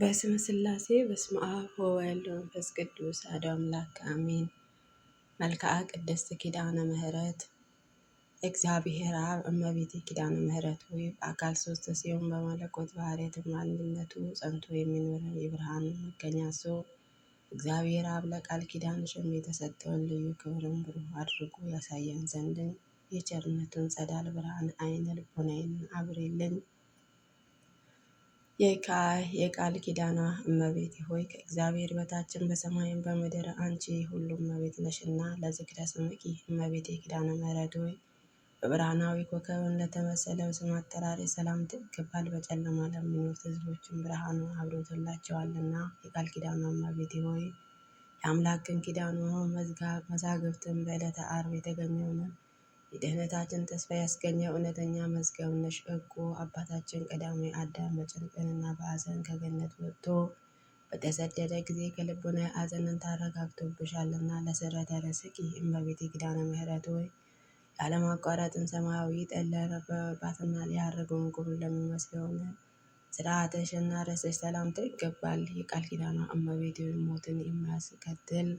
በስመ ስላሴ በስመ አብ ወወልድ ወመንፈስ ቅዱስ አሐዱ አምላክ አሜን። ቅድስት ኪዳነ ምሕረት እግዚአብሔር አብ እመቤቴ ኪዳነ ምሕረት ሆይ በአካል ሶስት ሲሆን በመለኮት ባህርያት አንድነቱ ጸንቶ የሚኖር የብርሃን መገኛ ሰው እግዚአብሔር አብ ለቃል ኪዳን ሽም የተሰጠውን ልዩ ክብርን ብሩህ አድርጎ ያሳየን ዘንድን የቸርነቱን ጸዳል ብርሃን አይነ ልቦናዬን አብሬልን የቃል ኪዳኗ እመቤት ሆይ ከእግዚአብሔር በታችን በሰማይም በምድር አንቺ ሁሉም እመቤት ነሽና ለዝክረ ስምኪ እመቤት ኪዳነ ምሕረት ሆይ በብርሃናዊ ኮከብ እንደተመሰለው ስም አጠራር ሰላም ትገባል። በጨለማ ለሚኖሩት ህዝቦችን ብርሃኑ አብሮቶላቸዋልና የቃል ኪዳኗ እመቤት ሆይ የአምላክን ኪዳኑ መዛግብትን በዕለተ ዓርብ የተገኘውን የደህንነታችን ተስፋ ያስገኘ እውነተኛ መዝገብ ነሽ እጎ። አባታችን ቀዳሚ አዳም በጭንቅንና በአዘን ከገነት ወጥቶ በተሰደደ ጊዜ ከልቡና ሐዘንን ታረጋግቶብሻልና ለስረተ ርስቂ እመቤቴ ኪዳነ ምሕረት ሆይ ያለማቋረጥን ሰማያዊ ጠለረ ያረፈባትና ሊያርገውን ጉም ለሚመስለውን ስርዓተሽና ርስሽ ሰላምታ ይገባል። የቃል ኪዳኗ እመቤቴ ሞትን የሚያስከትል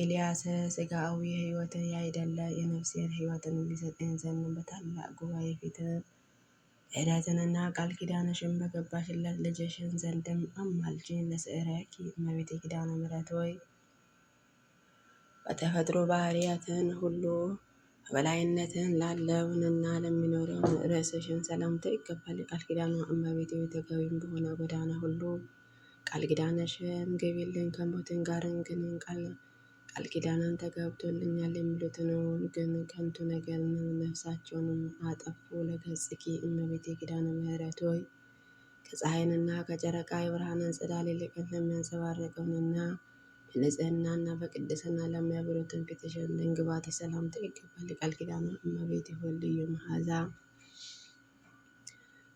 ኤልያስ ሥጋዊ ህይወት ያይደለ የነፍሴን ሕይወትን ሊሰጠኝ ዘንድ በታላቅ ጉባኤ ፊት ዕለትንና ቃል ኪዳንሽን በገባሽለት ልጅሽን ዘንድም አማልጅን ለስዕረኪ እመቤቴ ኪዳነ ምሕረት ሆይ በተፈጥሮ ባህርያትን ሁሉ በላይነትን ላለውንና ለሚኖረው ርዕስሽን ሰላምታ ይገባል። ቃል ኪዳኗ እመቤቴ ተገቢም በሆነ ጎዳና ሁሉ ቃል ኪዳንሽን ግቢልን ከሞትን ጋርን ግን ቃል ቃል ኪዳንን ተጋብቶልኛል የሚሉትነውን ግን ከንቱ ነገር ነፍሳቸውንም አጠፉ። ለገጽኪ እመቤቴ ኪዳነ ምሕረት ሆይ ከፀሐይንና ከጨረቃ የብርሃንን ጽዳል ይልቅ ለሚያንጸባርቀውንና በንጽህናና በቅድስና ለሚያበሩትን ፊትሽን እንግባት የሰላምታ ይገባል። ቃል ኪዳን እመቤቴ ሆይ ልዩ መዓዛ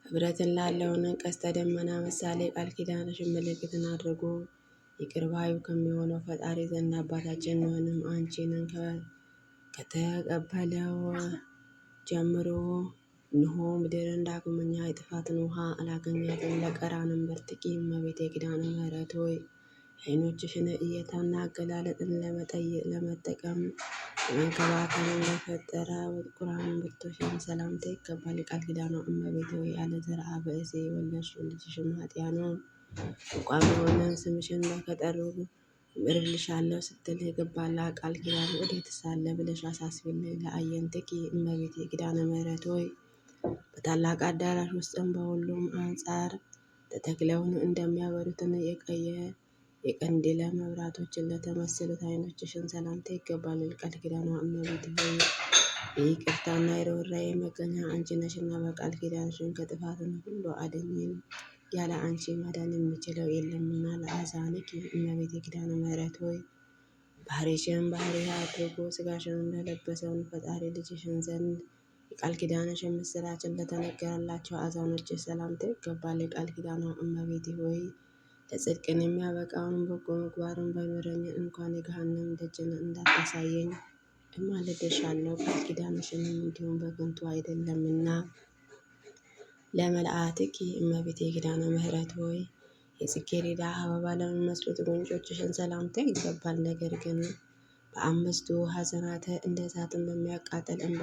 ህብረትን ላለውን ቀስተ ደመና ምሳሌ ቃል ኪዳንሽን ምልክትን አድርጉ። ይቅር ባዩ ከሚሆነው ፈጣሪ ዘንድ አባታችን ሆንም አንቺንን ከተቀበለው ጀምሮ እንሆ ምድርን ዳግመኛ የጥፋትን ውሃ አላገኛትም። ለቀራንም በርትቂ እመቤቴ ኪዳነ ምሕረት ሆይ ዓይኖችሽን እይታና አገላለጥን ለመጠቀም መንከባከልን ለፈጠረ ቁራን ብርቶሽን ሰላምታ ይገባል። ቃል ኪዳኗ እመቤቴ ሆይ ያለ ዘርአ ብእሲ የወለድሽው ልጅሽም ኃጢያ ነው። ቋሚ የሆነ ስምሽን ከጠሩ እምርልሻለሁ ስትል የገባላ ቃል ኪዳን ወዴትስ አለ ብለሽ አሳስቢን ለአየንትኪ እመቤቴ ኪዳነ ምሕረት ሆይ በታላቅ አዳራሽ ውስጥም በሁሉም አንጻር ተተክለውን እንደሚያበሩትን የቀየ የቀንዲለ መብራቶችን ለተመሰሉት አይኖችሽን ሰላምታ ይገባል። ቃል ኪዳኗ እመቤት ሆይ ይቅርታና የርኅራኄ መገኛ አንቺ ነሽና በቃል ኪዳንሽን ከጥፋትን ሁሉ አድኝን። ያለ አንቺ ማዳን የሚችለው የለምና ለአዛንኪ እመቤቴ ኪዳነ ምሕረት ሆይ ባህሪሽን ባህሪ አድርጎ ስጋሽን እንደለበሰውን ፈጣሪ ልጅሽን ዘንድ የቃል ኪዳነሽ ምስራች እንደተነገረላቸው አዛኖች ሰላምታ ይገባል። የቃል ኪዳኗ እመቤቴ ሆይ ለጽድቅን የሚያበቃውን በጎ ምግባርን በምረኝ እንኳን የገሃነም ደጅን እንዳታሳየኝ እማልድሻለሁ። ቃል ኪዳነሽንም እንዲሁም በከንቱ አይደለምና ለመልአትኪ እመቤቴ ኪዳነ ምሕረት ሆይ የጽጌረዳ አበባ ለሚመስሉት ጉንጮችሽን ሰላምታ ይገባል። ነገር ግን በአምስቱ ሐዘናት እንደ እሳትን በሚያቃጠል እንባ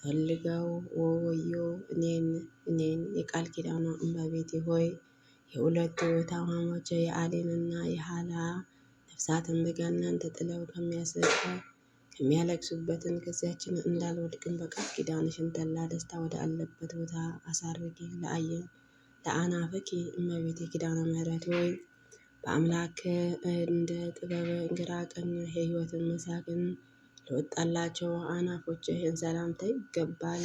ጠልገው ወወዮ እኔን እኔን የቃል ኪዳኑ እመቤቴ ሆይ የሁለቱ ታማሞች የአሌንና የሃላ ነፍሳትን በገሃነም ተጥለው ከሚያስቀ የሚያለቅሱበትን ከዚያችን እንዳልወድቅን በቃል ኪዳንሽን ተላ ደስታ ወደ አለበት ቦታ አሳርጊ። ለአየ ለአናፍኪ እመቤቴ ኪዳነ ምሕረት ወይ በአምላክ እንደ ጥበብ ግራ ቀኝ የሕይወትን መሳቅን ለወጣላቸው አናፎችህን ሰላምታ ይገባል።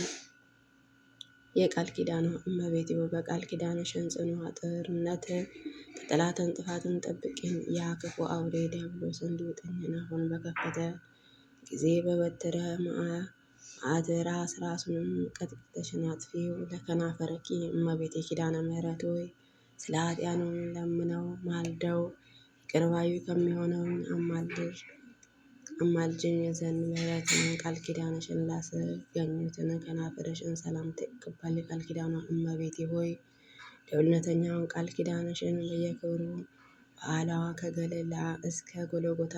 የቃል ኪዳኑ እመቤቴ በቃል ኪዳንሽን ጽኑ አጥርነት ከጠላትን ጥፋትን ጠብቂን። ያ ክፉ አውሬ ዲያብሎስ እንዲውጠኝ አሁን በከፈተ ጊዜ በበትረ ማዕደራ ራሱንም ተሸናጥፊው ለከናፈርኪ እመቤቴ ኪዳነ ምሕረት ሆይ ስለ ኃጢአኑ ለምነው ማልደው ቅርባዩ ከሚሆነውን አማልጅ አማልጅን የዘን ምሕረትን ቃል ኪዳንሽን ላስገኙትን ከናፈረሽን ሰላም ትቀበል ቃል ኪዳኗ እመቤቴ ሆይ ደውልነተኛውን ቃል ኪዳነሽን በየክብሩ በዓላዋ ከገለላ እስከ ጎልጎታ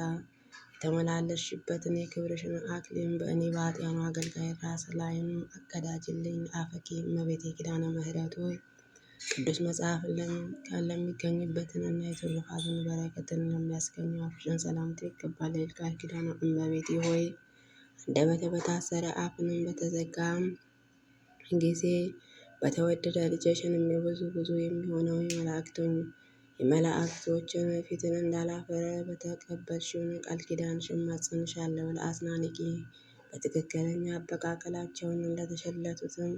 የተመላለስሽበትን የክብርሽን አክሊል በእኔ በኃጥኣኑ አገልጋይ ራስ ላይም አቀዳጅልኝ። አፈኪ እመቤቴ ኪዳነ ምሕረት ሆይ ቅዱስ መጽሐፍ እና የትሩፋቱን በረከትን ለሚያስገኙ አፍሽን ሰላምታ ይገባል። ቃል ኪዳነ እመቤቴ ሆይ አንደበተ በታሰረ አፍንም በተዘጋም ጊዜ በተወደደ ልጅሽን የሚብዙ ብዙ የሚሆነው የመላእክቶኝ የመላእክቶችን ፊትን እንዳላፈረ በተቀበልሽው ቃል ኪዳንሽ እማጸንሻለሁ። ለአስናንቂ በትክክለኛ አበቃቀላቸውን እንደተሸለቱትም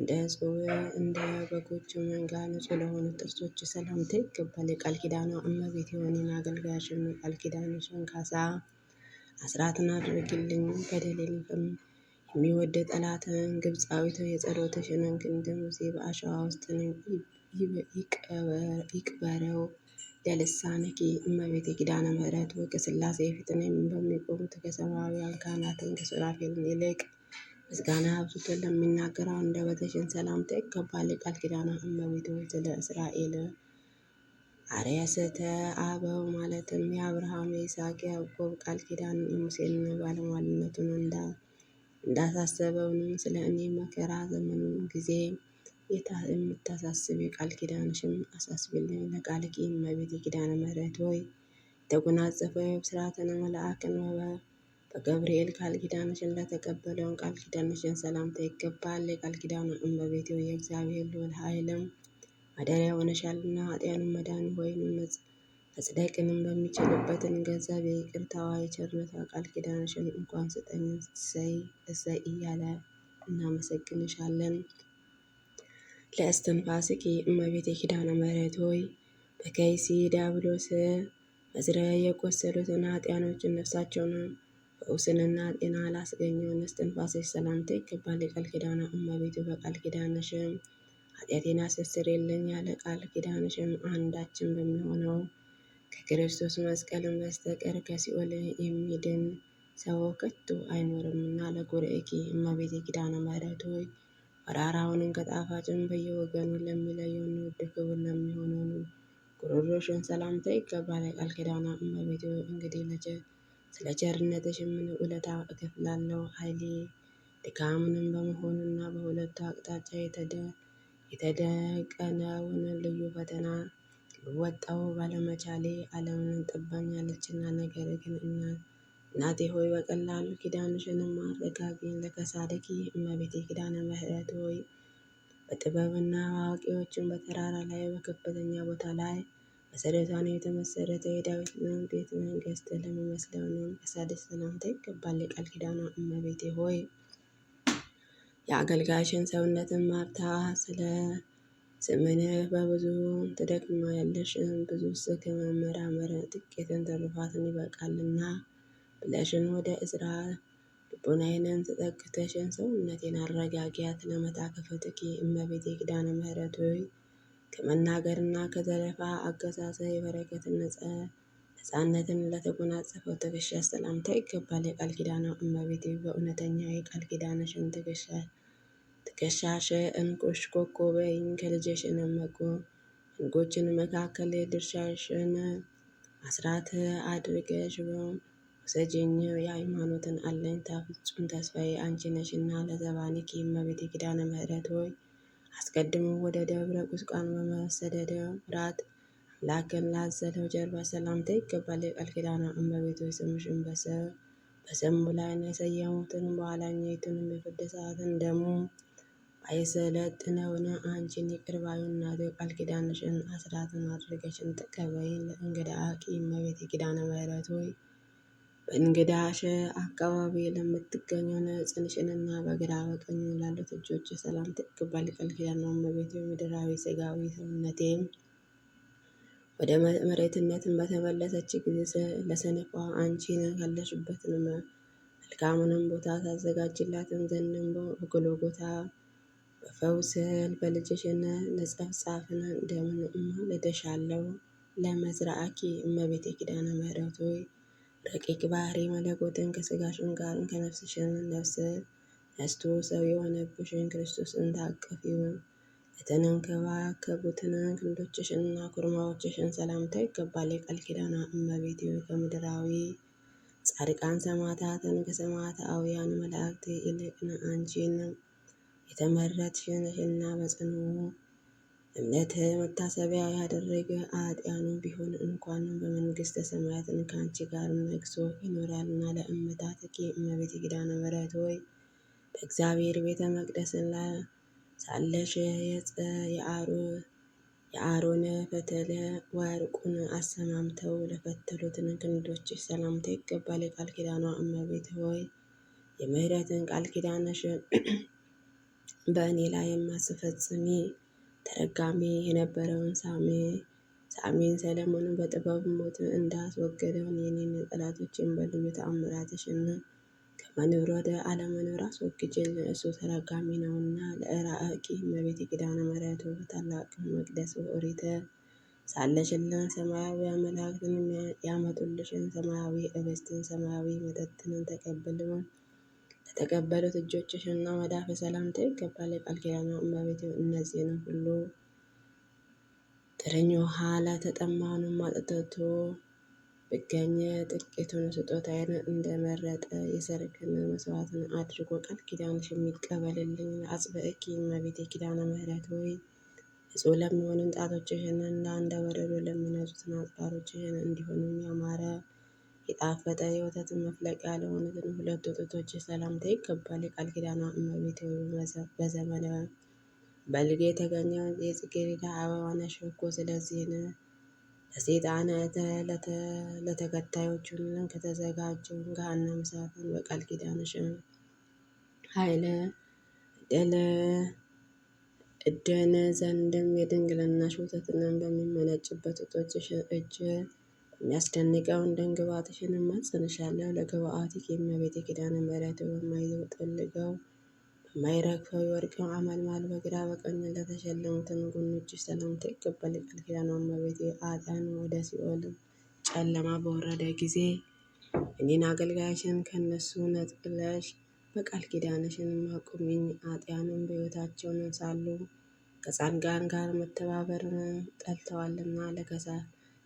እንደ ሕዝብ እንደ በጎች መንጋ ንጹህ ለሆኑ ጥርሶች ሰላምታ ይገባል። የቃል ኪዳኗ እመቤት የሆንን አገልጋይሽን የቃል ኪዳንሽን ካሳ አስራትን አድርግልኝ በደሌንም የሚወድ ጠላትን ግብፃዊት የጸሎትሽን ግንድ ሙሴ በአሸዋ ውስጥ ነኝ ይቅበረው ለልሳንኪ እመቤት የኪዳነ ምሕረት ወይ ከሥላሴ ፊትን በሚቆሙት ከሰማያውያን ካህናትን ከሱራፌል ይልቅ ምስጋና አብዝቶ ለሚናገረው አንደበትሽን ሰላምታ ይገባል። ቃል ኪዳነ እመቤት ወይ ስለ እስራኤል አርያስተ አበው ማለትም የአብርሃም የይስሐቅ፣ ያዕቆብ ቃል ኪዳን የሙሴን ባለሟልነቱን እንዳሳሰበውንም ስለ እኔ መከራ ዘመኑን ጊዜ የምታሳስቢ ቃል ኪዳንሽም አሳስቢልኝ። ለቃል ኪም መቤት የኪዳነ ምሕረት ሆይ የተጎናጸፈው ብስራትን መላእክን በገብርኤል ቃል ኪዳንሽን ለተቀበለውን ቃል ኪዳንሽን ሰላምታ ይገባል። የቃል ኪዳኑን እመቤት ሆይ የእግዚአብሔር ልዑል ኃይልም ማደሪያ ሆነሻልና ኃጢያኑን መዳን ወይም መጽደቅንም በሚችልበትን ገንዘብ የይቅርታዋ የቸርነቷ ቃል ኪዳንሽን እንኳን ስጠኝ እሰይ እያለ እናመሰግንሻለን። ለእስትንፋስኪ እመቤቴ ኪዳነ ምሕረት ሆይ በከይሲ ዲያብሎስ መዝረ የቆሰሉትን ኃጢያኖችን ነፍሳቸውን በውስንና ጤና ላስገኘውን እስትንፋስሽ ሰላምታ ይገባል። የቃል ኪዳነ እመቤቱ በቃል ኪዳንሽም ኃጢአቴን አስስር የለኝ ያለ ቃል ኪዳንሽም አንዳችን በሚሆነው ከክርስቶስ መስቀልን በስተቀር ከሲኦል የሚድን ሰው ከቶ አይኖርምና ለጉርኤኪ እመቤቴ ኪዳነ ምሕረት ሆይ መራራውንም ከጣፋጭም በየወገኑ ለሚለየው ውድ ክቡር ለሚሆነው ጉሮሮሽን ሰላምታ ይገባል። የቃል ኪዳኗ እመቤቴ እንግዲህ ስለ ቸርነትሽ ምን ውለታ እከፍላለሁ? ኃይሌ ድካምንም በመሆኑ እና በሁለቱ አቅጣጫ የተደቀነውን ልዩ ፈተና ልወጣው ባለመቻሌ ዓለምን ጥባኛለችና ነገር ግን እናቴ ሆይ በቀላሉ ኪዳንሽንም አረጋጊኝ። ለከሳደኪ እመቤቴ ኪዳነ ምሕረት ሆይ በጥበብና አዋቂዎችን በተራራ ላይ በከፍተኛ ቦታ ላይ መሰረቷን የተመሰረተ የዳዊት ቤተ መንግስት ለሚመስለውንም ከሳደስ ሰላምታ ይገባል። የቃል ኪዳኗ እመቤቴ ሆይ የአገልጋሽን ሰውነትን ማርታ ስለ ስምንህ በብዙ ያለሽን ብዙ ስክ መመራመር ጥቂትን ትሩፋትን ይበቃልና ብለሽን ወደ እዝራ ልቦናዬንን ተጠግተሽን ሰውነቴን አረጋጊያት ለመታከፍትኪ እመቤቴ ኪዳነ ምሕረት ሆይ ከመናገርና ከዘረፋ የበረከት ነጸ ነጻነትን ለተጎናጸፈው ትከሻ ሰላምታ ይገባል። የቃል ኪዳኗ እመቤቴ በእውነተኛ የቃል ኪዳነሽን ትከሻ ትከሻሽ እንቁሽ ኮኮበይን ከልጅሽን መጎ እንጎችን መካከል ድርሻሽን አስራት አድርገሽ ሰጪኝ የሃይማኖትን አለኝታ ፍጹም ተስፋዬ አንቺ ነሽ እና ለዘባንኪ እመቤቴ ኪዳነ ምሕረት ሆይ አስቀድሞ ወደ ደብረ ቁስቋን በመሰደደ ራት አምላክን ላዘለው ጀርባ ሰላምታ ይገባል። የቃል ኪዳነ እመቤት ሆይ ስምሽን በስሙ ላይ ነው የሰየሙትን በኋላኛይቱንም የፍርድ ሰዓትን ደግሞ አይሰለጥነውን አንቺን ይቅር ባዩ እናቱ የቃል ኪዳንሽን አስራትን አድርገሽን ተቀበይን። ለእንግዳ አቂ እመቤቴ ኪዳነ ምሕረት ሆይ በእንግዳሽ አካባቢ ለምትገኙ ጽንሽንና በግራ በቀኝ ላሉት እጆች ሰላም ትቅባል ቃል ኪዳን ነው። እመቤቴ ምድራዊ ስጋዊ ሰውነቴም ወደ መሬትነትን በተመለሰች ጊዜ ለሰነፏ አንቺን ካለሽበትን መልካሙንም ቦታ ታዘጋጅላትን ዘንድም በጎልጎታ በፈውስል በልጅሽን ነጸብጻፍን ደምን ማልደሻለው ለመዝራአኪ እመቤቴ ኪዳነ ምሕረት ሆይ ረቂቅ ባህሪ መለኮትን ከስጋሽን ጋርን ከነፍስሽን ነፍስ ነስቶ ሰው የሆነብሽን ክርስቶስን ታቀፊውን ለተንከባከቡትን እና ኩርማዎችሽን ሰላምታ ይገባል። የቃል ኪዳኗ እመቤት ከምድራዊ ጻድቃን ሰማዕታትን ከሰማዕታውያን መላእክት ይልቅን አንቺን የተመረጥሽ ነሽና በጽኑ እምነት መታሰቢያ ያደረገ ኃጥኣኑ ቢሆን እንኳን በመንግሥተ ሰማያት ከአንቺ ጋር ነግሶ ይኖራልና። ለእመቤታኪ እመቤት ኪዳነ ምሕረት ሆይ በእግዚአብሔር ቤተ መቅደስ ሳለሽ የአሮን ፈተለ ወርቁን አሰማምተው ለፈተሉትን ክንዶችሽ ሰላምታ ይገባል። የቃል ኪዳኗ እመቤት ሆይ የምሕረትን ቃል ኪዳነሽ በእኔ ላይ የማስፈጽሚ ተረጋሚ የነበረውን ሳሜ ሳሚን ሰለሞንን በጥበብ ሞት እንዳስወገደውን የኔን ጠላቶችን በልዩ ተአምራትሽና ከመኖር ወደ አለመኖር አስወግጅን። እሱ ተረጋሚ ነውና ለእራቂ እመቤቴ ኪዳነ ምሕረት በታላቅ መቅደስ ኦሪተ ሳለሽና ሰማያዊ መላእክትን ያመጡልሽን ሰማያዊ ኅብስትን ሰማያዊ መጠጥንን ተቀብለውን የተቀበሉት እጆችሽና መዳፍ ሰላምታ ይገባል። የቃል ኪዳኑ እመቤት ነው ሁሉ ጥርኝ ውሃ ላተጠማውንም አጠጥቶ ብገኘ ጥቂቱን ስጦታዬን እንደመረጠ የሰርክን መስዋዕትን አድርጎ ቃል ኪዳንሽ የሚቀበልልኝ ለአጽብዕኪ እመቤቴ ኪዳነ ምሕረት ሆይ ንጹሕ ለሚሆንን ጣቶችሽን እንደ አንደ በረዶ ለሚነጹትን አጽራሮችሽን እንዲሆንም ያማረ የጣፈጠ የወተት መፍለቂያ ለሆኑትን ሁለት ወተቶች ሰላምታ ይገባል። የቃል ኪዳኗ እመቤት በዘመነ በልግ የተገኘ የጽጌረዳ አበባ ነሽ እኮ። ስለዚህን ለሴጣን ለተከታዮቹን ከተዘጋጀው ገሃነመ እሳትን በቃል ኪዳንሽ ኃይለ ደለ እደነ ዘንድም የድንግልናሽ ወተትንም በሚመነጭበት ወጦችሽ እጅ የሚያስደንቀውን ደም ግባትሽን እማጸንሻለሁ። ለግብአትሽ የእመቤቴ ኪዳነ ምሕረት በማይጠልቀው በማይረግፈው የወርቅ አመልማል በግራ በቀኝ ለተሸለሙትን ጎኖችሽ ሰላምታ ይቀበል ቃል ኪዳኗ እመቤቴ። ኃጥአን ወደ ሲኦል ጨለማ በወረደ ጊዜ እኔን አገልጋይሽን ከእነሱ ነጥለሽ በቃል ኪዳንሽን አቁሚኝ። ኃጥአንም በሕይወታቸውን ሳሉ ከጻድቃን ጋር መተባበርን ጠልተዋልና ለከሳ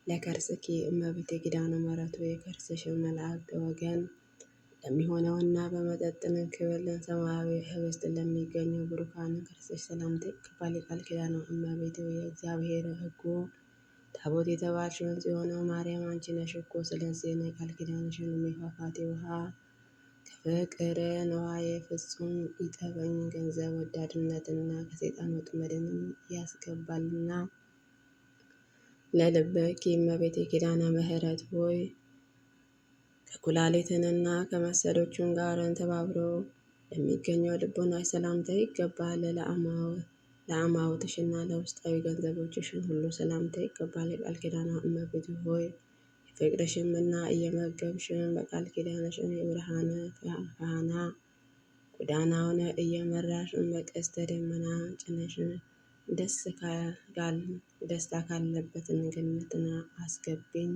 ለከርስኪ እመቤቴ ኪዳነ ምሕረቱ የከርስሽን መልአክ ወገን ለሚሆነውና በመጠጥን ክብል ሰማያዊ ህብስት ለሚገኙ ብሩካን ከርስሽ ሰላምታ ይገባል። የቃል ኪዳኑ እመቤቴ የእግዚአብሔር ሕጉ ታቦት የተባልሽውን የሆነው ማርያም አንቺ ነሽ እኮ። ስለዚህ ነው የቃል ኪዳንሽን የሚፏፏቴ ውሃ ከፍቅር ንዋዬ ፍጹም ይጠበኝ ገንዘብ ወዳድነትና ከሴጣን ወጥመድንም ያስገባልና ለልበኪ እመቤቴ ኪዳነ ምሕረት ሆይ ከኩላሊትንና ከመሰሎቹን ጋርን ተባብሮ ለሚገኘው ልቦናሽ ሰላምታ ይገባል። ለአማውትሽና ለውስጣዊ ገንዘቦችሽን ሁሉ ሰላምታ ይገባል። የቃል ኪዳኗ እመቤት ሆይ የፍቅርሽም እና በቃል ኪዳንሽም የብርሃነ ፋና ጎዳናውን እየመራሽን በቀስተ ደመና ጭነሽን ደስ ደስታ ካለበት ገነትና አስገቢኝ።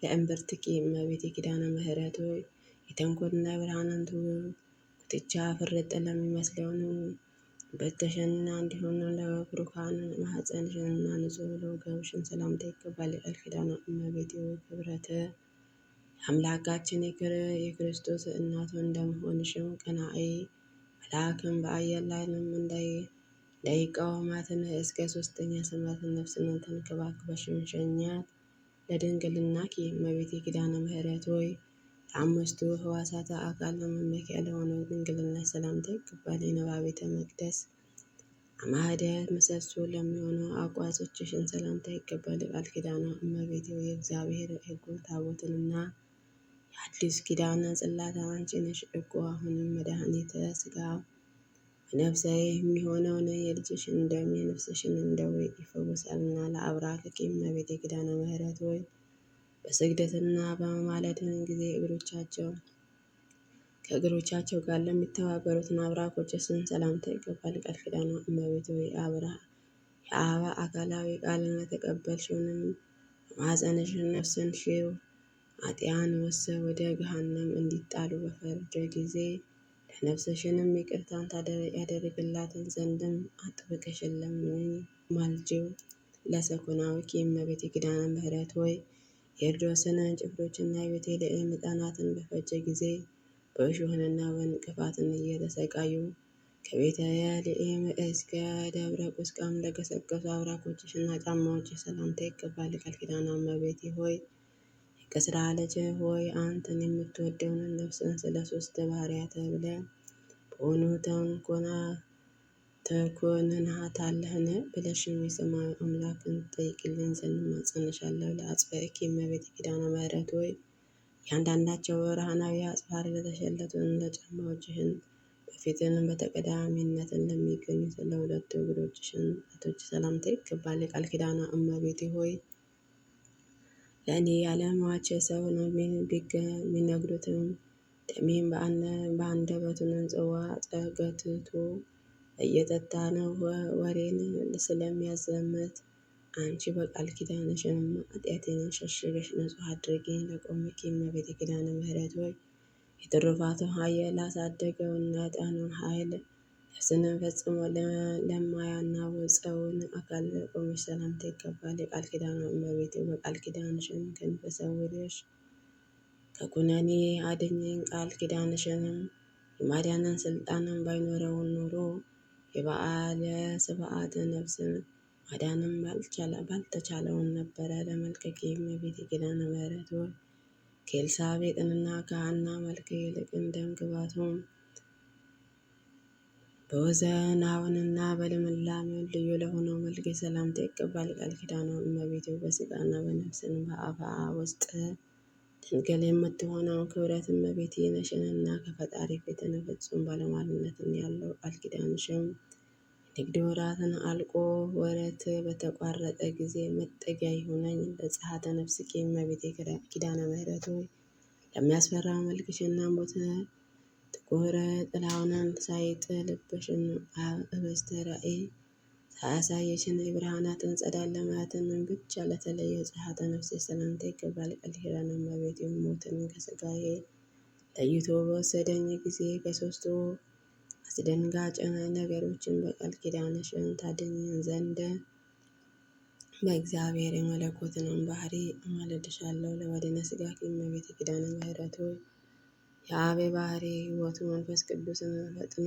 ለእምብርትኪ እመቤቴ ኪዳነ ምሕረት ሆይ ብርሃን አንቱ ኩትቻ ፍርጥ ለሚመስለውን በተሸና እንዲሆን ለብሩካን ማኅፀንሽንና ንጹሕ ለወገብሽን ሰላምታ ይገባል። የቃል ኪዳነ እመቤት ክብረት አምላካችን የክር የክርስቶስ እናቱ እንደመሆንሽም ቀናኢ መልአክም በአየር ላይ እንዳይ ደቂቃውማትን እስከ ሶስተኛ ሰማዕትን ነፍስናን ተንከባክበሽን ሸኛት። ለድንግልናኪ እመቤቴ ኪዳነ ምሕረት ሆይ ለአምስቱ ሕዋሳተ አካል መመኪያ ለሆነው ድንግልና ሰላምታ ይገባል። የነባ ቤተ መቅደስ አማህዳያት ምሰሶ ለሚሆነው አቋጾችሽን ሰላምታ ይገባል። የቃል ኪዳኗ እመቤቴ የእግዚአብሔር ሕጉን ታቦትንና የአዲስ ኪዳን ጽላት አንቺ ነሽ እኮ አሁንም መድኃኒተ ስጋ ነፍሳዊ የሚሆነውን የልጅሽን ደም የነፍስሽን ደዌ ይፈውሳልና። ለአብራክኪ እመቤቴ ኪዳነ ምሕረት ሆይ በስግደትና በማማለድን ጊዜ እግሮቻቸው ከእግሮቻቸው ጋር ለሚተባበሩትን አብራኮችስን ሰላምታ ይገባል። ቃል ኪዳኗ እመቤት ወይ አብራ የአበባ አካላዊ ቃልን ለተቀበልሽውንም ማኅፀንሽን ነፍስን ሽው አጢያን ወሰ ወደ ገሃነም እንዲጣሉ በፈረደ ጊዜ ለነፍስሽንም ይቅርታን ያደርግላትን ዘንድም አጥብቀሽ ለምኝ ማልጂው። ለሰኮናዊክ የእመቤት ኪዳነ ምሕረት ሆይ የኤርዶስን ጭፍሮችና የቤቴልሔም ሕፃናትን በፈጀ ጊዜ በእሾህንና በእንቅፋትን እየተሰቃዩ ከቤተልሔም እስከ ደብረ ቁስቋም ለገሰገሱ አብራኮችሽና ጫማዎች ሰላምታ ይገባል። ቃል ኪዳን እመቤቴ ሆይ ከስራ ልጅ ሆይ አንተን የምትወደውን ነፍስን ስለ ሶስት ባህርያት ብለህ በሆኑ ተንኮና ተኮንንሃታለህን ብለሽም የሰማዩ አምላክን ትጠይቅልን ዘንድ ማጸንሻለሁ። ለአጽበእኪ እመቤት ኪዳነ ምሕረት ሆይ እያንዳንዳቸው ብርሃናዊ አጽፋር ለተሸለቱን ለጫማዎችህን በፊትንም በተቀዳሚነትን ስለ ሁለቱ እግሮችሽን እቶች ሰላምታ ይገባል። የቃል ኪዳና እመቤቴ ሆይ ለእኔ ያለማቸ ሰው ነው የሚነግሩትም ደሜን በአንደበቱን ጽዋ ጸገትቶ እየጠጣ ነው ወሬን ስለሚያዘምት። አንቺ በቃል ኪዳንሽንም ኃጢአቴን ሸሽገሽ ንጹሕ አድርጌ ለቆምኪ መቤተ ኪዳነ ምሕረት ሆይ የትሩፋቱን ኃያል አሳደገውና የዕጣኑን ኃይል ነፍስንም ፈጽሞ ለማያናውፀውን አካል ቆመሽ ሰላምታ ይገባል። የቃል ኪዳኗ እመቤቴ በቃል ኪዳንሽን ክንፍ ሰውረሽ ከኩነኔ አድኝን። ቃል ኪዳንሽንም የማዳንን ስልጣንን ባይኖረውን ኑሮ የበዓለ ስብዓት ነፍስን ማዳንም ባልተቻለውን ነበረ። ለመልከኪ እመቤቴ ኪዳነ ምሕረት ሆይ ከኤልሳቤጥንና ከሐና መልክ ይልቅ ደም አሁንና በልምላሜው ልዩ ለሆነው መልክ የሰላምታ ይቀባል ቃል ኪዳኑ። እመቤቴ በስጋና በነፍስን በአፋ ውስጥ ድንግል የምትሆነው ክብረት እመቤቴ ነሽንና ከፈጣሪ ፊትን ፍጹም ባለሟልነትን ያለው ቃል ኪዳንሽም ንግድ ወራትን አልቆ ወረት በተቋረጠ ጊዜ መጠጊያ ይሆነኝ። በጸሐተ ነፍስኪ እመቤቴ ኪዳነ ምሕረት ለሚያስፈራ መልክሽና ቦተ ጥቁር ጥላውንም ሳይጥል ልብሽን አብ ኅብስተ ራእይ ሳያሳየሽን የብርሃናትን ጸዳል ለማያትንም ብቻ ለተለየ ጽሐተ ነፍስሽ ሰላምታ ይገባል። ቃል ኪዳን እመቤቴ ሞትን ከሥጋዬ ለይቶ በወሰደኝ ጊዜ ከሦስቱ አስደንጋጭ ነገሮችን በቃል ኪዳንሽን ታድኝን ዘንድ በእግዚአብሔር የመለኮትንም ባሕሪ እማልድሻለሁ። ለወደነ ሥጋኪ እመቤቴ ኪዳነ ምሕረት ሆይ የአቤ ባህሪ ሕይወቱ መንፈስ ቅዱስን ፈጥኖ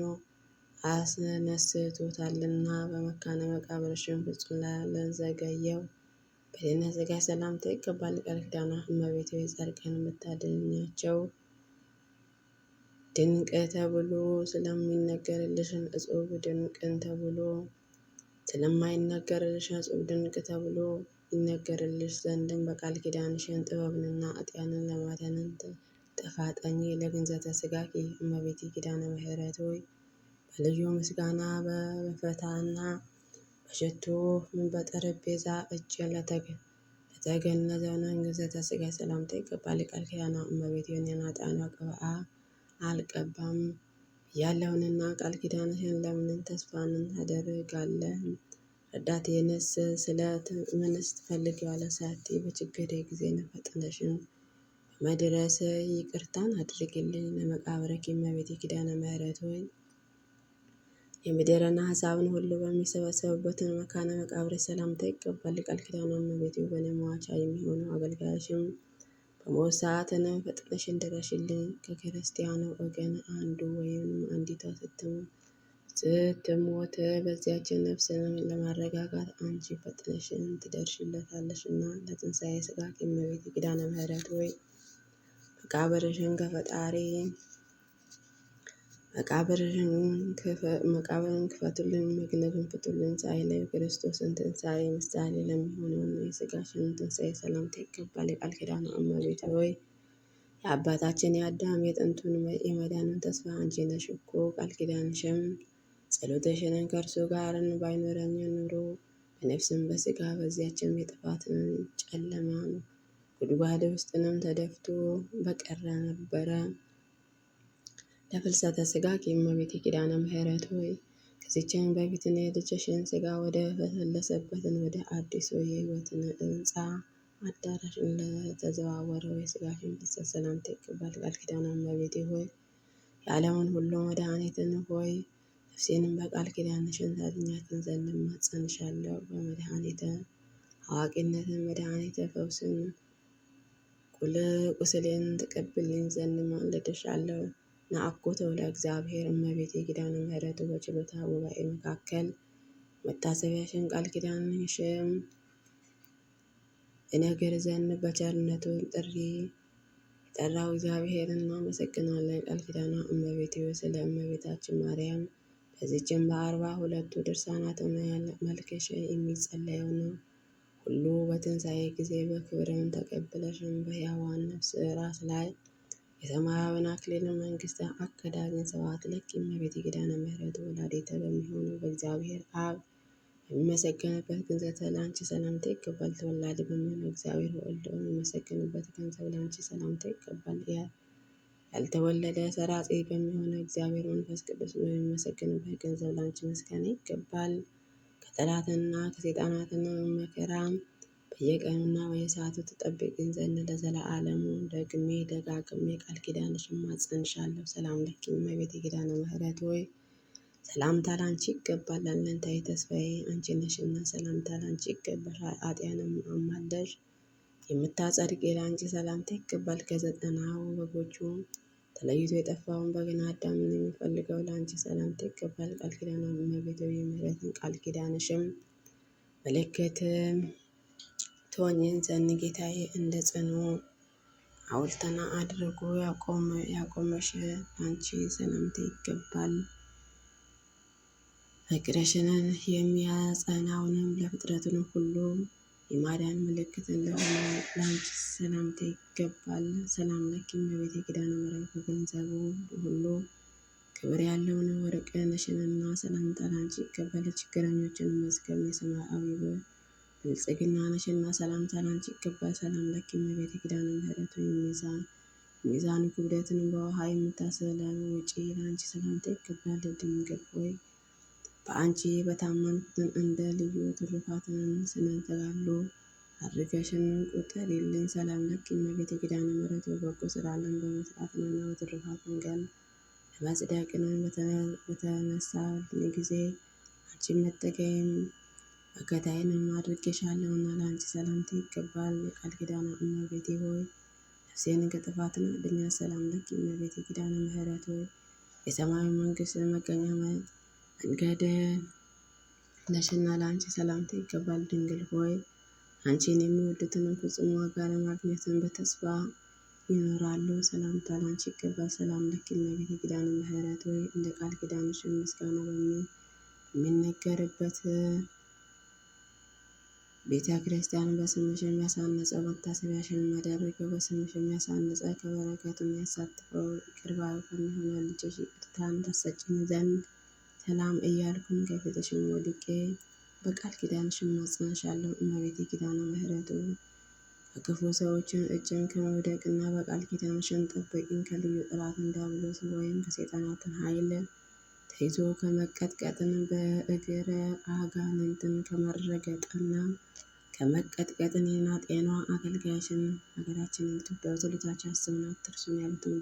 አስነስቶታልና በመካነ መቃብር ሽን ፍጹም ላልዘገየው በደህና ሥጋ ሰላምታ ይገባል። ቃል ኪዳኗ እመቤቴ ጻድቃን የምታድኛቸው ድንቅ ተብሎ ስለሚነገርልሽን እጹብ ድንቅን ተብሎ ስለማይነገርልሽን እጹብ ድንቅ ተብሎ ይነገርልሽ ዘንድን በቃል ኪዳንሽን ጥበብንና ዕጥያንን ለማዳንን ጥፋጠኝ ለግንዘተ ስጋኪ እመቤቴ ኪዳነ ምሕረት ሆይ በልዩ ምስጋና በፈታና በሽቱ በጠረጴዛ እጅ ለተገነዘውን ግንዘተ ስጋ ሰላምታ ይገባል። ቃል ኪዳና እመቤቴ የኔን ኃጢአቴን ቅብአ አልቀባም ያለውንና ቃል ኪዳንህን ለምንን ተስፋንን ታደርጋለህ? ረዳቴንስ ስለ ምንስ ትፈልጊዋለሽ? ሳቲ በችግሬ ጊዜ ፈጥነሽን መድረስ ይቅርታን አድርግልኝ ለመቃብረክ የመቤት ኪዳነ ምሕረት ሆይ የምድርና ሀሳብን ሁሉ በሚሰበሰቡበትን መካነ መቃብር ሰላምታ ይቀበል። ቃል ኪዳኗ እመቤቴ በኔ መዋቻ የሚሆኑ አገልጋዮችም በሞት ሰዓትንም ፈጥነሽ እንድረሽልኝ። ከክርስቲያኑ ወገን አንዱ ወይም አንዲቷ ስትሞት በዚያችን ነፍስንም ለማረጋጋት አንቺ ፈጥነሽን እና ለትንሣኤ ስጋት የእመቤት ኪዳነ ምሕረት ወይ መቃብርሽን ከፈጣሪ መቃብርን ክፈቱልን፣ መግነትን ፍቱልን ሳይለው ክርስቶስን ትንሣኤ ምሳሌ ለሚሆነውን የሥጋሽን ትንሣኤ ሰላምታ ይገባል። የቃል ኪዳኑ እመቤት ሆይ የአባታችን የአዳም የጥንቱን የመዳንን ተስፋ አንቺ ነሽ እኮ ቃል ኪዳንሽም ጸሎተሽንን ከእርሱ ጋርን ባይኖረን ኑሮ በነፍስም በሥጋ በዚያችም የጥፋትን ጨለማ ጉድጓድ ውስጥንም ተደፍቶ በቀረ ነበረ። ለፍልሰተ ስጋ ከእመቤቴ ኪዳነ ምሕረት ሆይ ከዚችን በፊት እኔ የልጅሽን ስጋ ወደ ፈለሰበትን ወደ አዲሱ የሕይወት ሕንጻ አዳራሽ እንደተዘዋወረው የስጋሽን ፍሰት ሰላምታ ይቀበል። ቃል ኪዳነ እመቤቴ ሆይ የዓለምን ሁሉ መድኃኒትን ሆይ ነፍሴንም በቃል ኪዳንሽን ታድኛትን ዘንድ እማጸንሻለሁ። በመድኃኒተ አዋቂነትን መድኃኒተ ፈውስን ቁስለ ቁስሌን ትቀብልኝ ዘንድ ማልደሻለሁ። ንአኩቶ ለእግዚአብሔር እመቤቴ ኪዳነ ምሕረት በችሎታ ጉባኤ መካከል መታሰቢያሽን ቃል ኪዳንሽም እነግር ዘንድ በቸርነቱ ጥሪ የጠራው እግዚአብሔርን እናመሰግናለን። ቃል ኪዳኗ እመቤት ሆይ ስለ እመቤታችን ማርያም በዚችም በአርባ ሁለቱ ድርሳናት መልክሽ የሚጸለየው ነው። ሁሉ በትንሣኤ ጊዜ በክብርም ተቀብለሽን በሕያዋን ነፍስ ራስ ላይ የሰማያዊን አክሊል መንግሥት አከዳጅን ስብሐት ለኪ እመቤቴ ኪዳነ ምሕረት ወላዲተ በሚሆነው በእግዚአብሔር አብ የሚመሰገንበት ገንዘብ ለአንቺ ሰላምታ ይገባል። ተወላድ በሚሆነው እግዚአብሔር ወልድ የሚመሰገንበት ገንዘብ ለአንቺ ሰላምታ ይገባል። ያልተወለደ ሰራጺ በሚሆኑ እግዚአብሔር መንፈስ ቅዱስ የሚመሰገንበት ገንዘብ ለአንቺ ምስጋና ይገባል። ከጠላትና ከሴጣናትና መከራ በየቀኑና በየሰዓቱ ትጠብቅን ዘንድ ለዘላለሙ ደግሜ ደጋግሜ ቃል ኪዳንሽን ማጸንሻለሁ። ሰላም ለኪ እመቤቴ ኪዳነ ምሕረት ሆይ ሰላምታ ላንቺ ይገባል። አለኝታዬ ተስፋዬ አንቺ ነሽና ሰላምታ ላንቺ ይገባል። አጥያንም አማለሽ የምታጸድቅ ላንቺ ሰላምታ ይገባል። ከዘጠና በጎቹ ተለይቶ የጠፋውን በገና አዳምን የሚፈልገው ለአንቺ ሰላምታ ይገባል። ቃል ኪዳን እመቤቴ የምህረትን ቃል ኪዳንሽም ምልክትም ትሆኝን ዘንድ ጌታዬ እንደ ጽኑ ሐውልትና አድርጎ ያቆመሽ ለአንቺ ሰላምታ ይገባል። ፍቅርሽንን የሚያጸናውንም ለፍጥረቱን ሁሉ የማርያም ምልክት እንደሆነ ለአንቺ ሰላምታ ይገባል። ሰላም ለኪ እመቤቴ ኪዳነ ምሕረት በገንዘቡ ሁሉ ክብር ያለውን ወርቅ ነሽንና ሰላምታ ለአንቺ ይገባል። ችግረኞችን መዝገብ የሰማያዊ ብልጽግና ነሽና ሰላምታ ለአንቺ ይገባል። ሰላም ለኪ እመቤቴ ኪዳነ ምሕረት ሚዛን ሚዛን ክብደትን በውሃ የምታሰላ ውጪ ለአንቺ ሰላምታ ይገባል። ድንግል ሆይ በአንቺ በታመንኩትን እንደ ልዩ ትሩፋትን ስነንተጋሉ አድርገሽን ቁጥር የለኝ ሰላም ለኪ እመቤተ ኪዳነ ምሕረት በጎ ስራለን በመስራትንና በትሩፋት መንገድ ለማጽደቅንን በተነሳ ጊዜ አንቺ መጠገኝ እገታዬንም አድርጌሻለሁና ለአንቺ ሰላምታ ይገባል። ቃል ኪዳነ እመቤቴ ሆይ ነፍሴን ከጥፋትን አድኛ። ሰላም ለኪ እመቤተ ኪዳነ ምሕረት ሆይ የሰማያዊ መንግስት መገኛ ገደል ለሽና ለአንቺ ሰላምታ ይገባል ድንግል ሆይ አንቺን የሚወዱትንም ፍጹም ዋጋ ለማግኘትን በተስፋ ይኖራሉ። ሰላምታ ለአንቺ ይገባል። ሰላም ለኪ እመቤቴ ኪዳነ ምሕረት ወይ እንደ ቃል ኪዳንሽ ምስጋና በሚል የሚነገርበት ቤተ ክርስቲያን በስምሽ የሚያሳነጸው መታሰቢያሽን የሚያደርገው በስምሽ የሚያሳነጸ ከበረከቱ የሚያሳትፈው ቅርባ ከሚሆነ ልጅሽ ይቅርታን ታሰጭን ዘንድ ሰላም እያልኩኝ ከፊትሽም ወድቄ በቃል ኪዳንሽ እማጽንሻለሁ እመቤቴ ኪዳነ ምሕረቱ ከክፉ ሰዎችን እጅን ከመውደቅ እና በቃል ኪዳንሽን ጠብቂኝ ከልዩ ጠላት ዲያብሎስ ወይም ከሰይጣናትን ኃይል ተይዞ ከመቀጥቀጥን በእግረ አጋንንትን ከመረገጥና ከመቀጥቀጥን የና ጤኗ አገልጋይሽን ሀገራችን ኢትዮጵያ ዘሎታችን ስምናት ትርሱን ያሉትን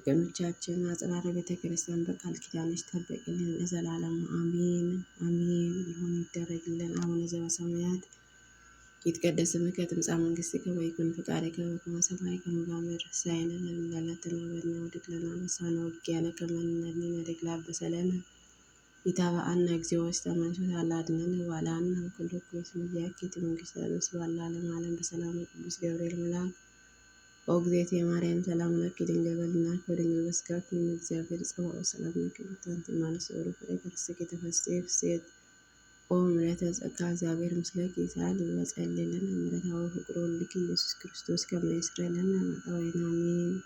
ወገኖቻችን አጽራረ ቤተ ክርስቲያን በቃል ኪዳንሽ ጠብቅልን ለዘላለም አሜን አሜን። ይሁን ይደረግልን። አቡነ ዘበሰማያት ይትቀደስ ስምከ ትምጻእ መንግሥትከ ወይኩን ፈቃድከ በከመ በሰማይ ከማሁ በምድር ሲሳየነ ዘለለነ ሀበነ ወኅድግ ለነ አበሳነ ውጊያነ ከመ ንሕነኒ ንኅደግ ላበሰለነ ኢታብአነ እግዚኦ ውስተ መንሱት አላድነን ባላነ ኩሉ እስመ ኢያኪ መንግሥተ ርእስ ባለ ዓለም ዓለም በሰላም ቅዱስ ገብርኤል መልአክ ኦ እግዝእትየ ማርያም ሰላም ለኪ ድንግል በልናት ወድንግል መስጋት እግዚአብሔር ጽባኦ ሰላም ለኪ ብርታት ማነስ ሩ ፍሬ ከርስኪ ተፈሥሒ ፍስየት ኦ ምልዕተ ጸጋ እግዚአብሔር ምስለኪ ይሳል ይወጸልልን ምሕረታዊ ፍቅሩ ልክ ኢየሱስ ክርስቶስ ከመ ይስረ ለነ ኃጣውኢነ አሜን።